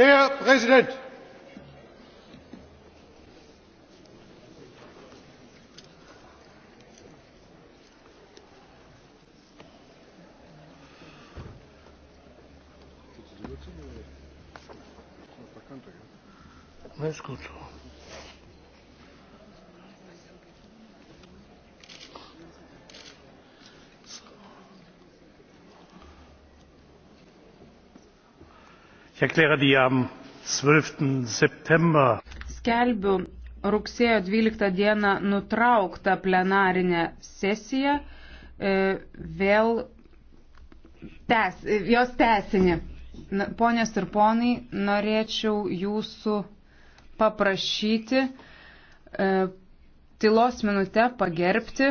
Der Präsident! No escucho. Skelbiu rugsėjo 12 dieną nutrauktą plenarinę sesiją e, vėl tęs, e, jos tęsinį. Ponės ir ponai, norėčiau jūsų paprašyti e, tylos minutę pagerbti.